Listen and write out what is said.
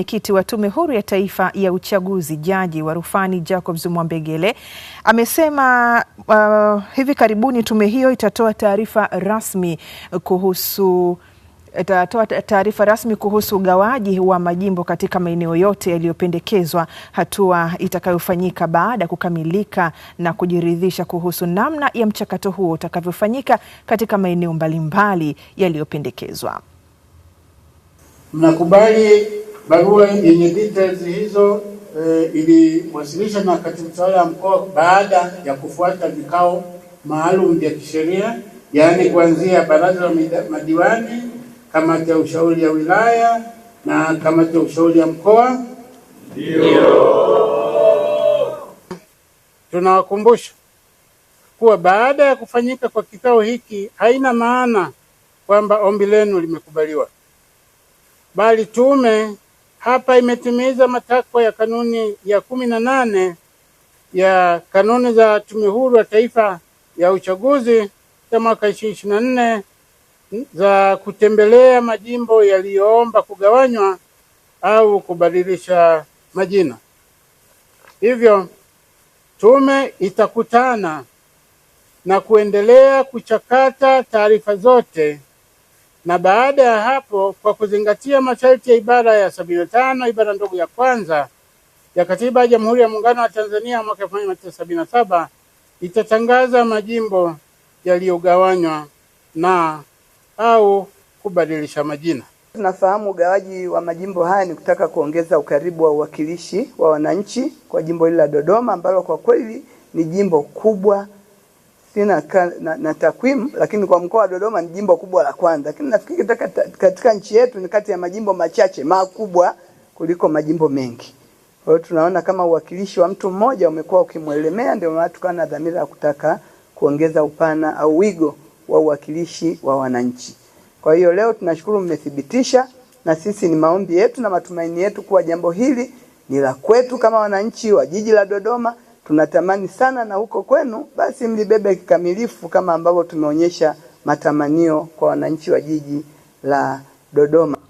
Mwenyekiti wa Tume Huru ya Taifa ya Uchaguzi, Jaji wa Rufani Jacobs Mwambegele amesema uh, hivi karibuni tume hiyo itatoa taarifa rasmi kuhusu itatoa taarifa rasmi kuhusu ugawaji wa majimbo katika maeneo yote yaliyopendekezwa, hatua itakayofanyika baada ya kukamilika na kujiridhisha kuhusu namna ya mchakato huo utakavyofanyika katika maeneo mbalimbali yaliyopendekezwa. Mnakubali Barua yenye details hizo e, eh, iliwasilishwa na katibu tawala ya mkoa baada ya kufuata vikao maalum vya kisheria, yaani kuanzia baraza la madiwani, kamati ya ushauri ya wilaya na kamati ya ushauri ya mkoa. Ndio tunawakumbusha kuwa baada ya kufanyika kwa kikao hiki haina maana kwamba ombi lenu limekubaliwa, bali tume hapa imetimiza matakwa ya kanuni ya kumi na nane ya kanuni za Tume Huru ya Taifa ya Uchaguzi za mwaka ishirini na nne za kutembelea majimbo yaliyoomba kugawanywa au kubadilisha majina. Hivyo tume itakutana na kuendelea kuchakata taarifa zote na baada ya hapo, kwa kuzingatia masharti ya ibara ya sabini na tano ibara ndogo ya kwanza ya Katiba ya Jamhuri ya Muungano wa Tanzania mwaka elfu moja mia tisa sabini na saba itatangaza majimbo yaliyogawanywa na au kubadilisha majina. Tunafahamu ugawaji wa majimbo haya ni kutaka kuongeza ukaribu wa uwakilishi wa wananchi kwa jimbo hili la Dodoma ambalo kwa kweli ni jimbo kubwa sina na, na takwimu, lakini kwa mkoa wa Dodoma ni jimbo kubwa la kwanza, lakini nafikiri katika, katika nchi yetu ni kati ya majimbo machache makubwa kuliko majimbo mengi. Kwa hiyo tunaona kama uwakilishi wa mtu mmoja umekuwa ukimwelemea, ndio maana tukawa na dhamira ya kutaka kuongeza upana au wigo wa uwakilishi wa wananchi. Kwa hiyo leo tunashukuru mmethibitisha, na sisi ni maombi yetu na matumaini yetu kuwa jambo hili ni la kwetu kama wananchi wa jiji la Dodoma tunatamani sana na huko kwenu, basi mlibebe kikamilifu kama ambavyo tumeonyesha matamanio kwa wananchi wa jiji la Dodoma.